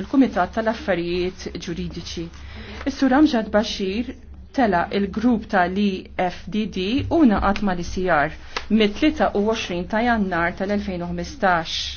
il kumitat tal-Affarijiet Ġuridiċi. Is-Sur Amġad Bashir tela il-grupp tal-IFDD u naqat mal-ICR mit-23 ta' jannar tal-2015.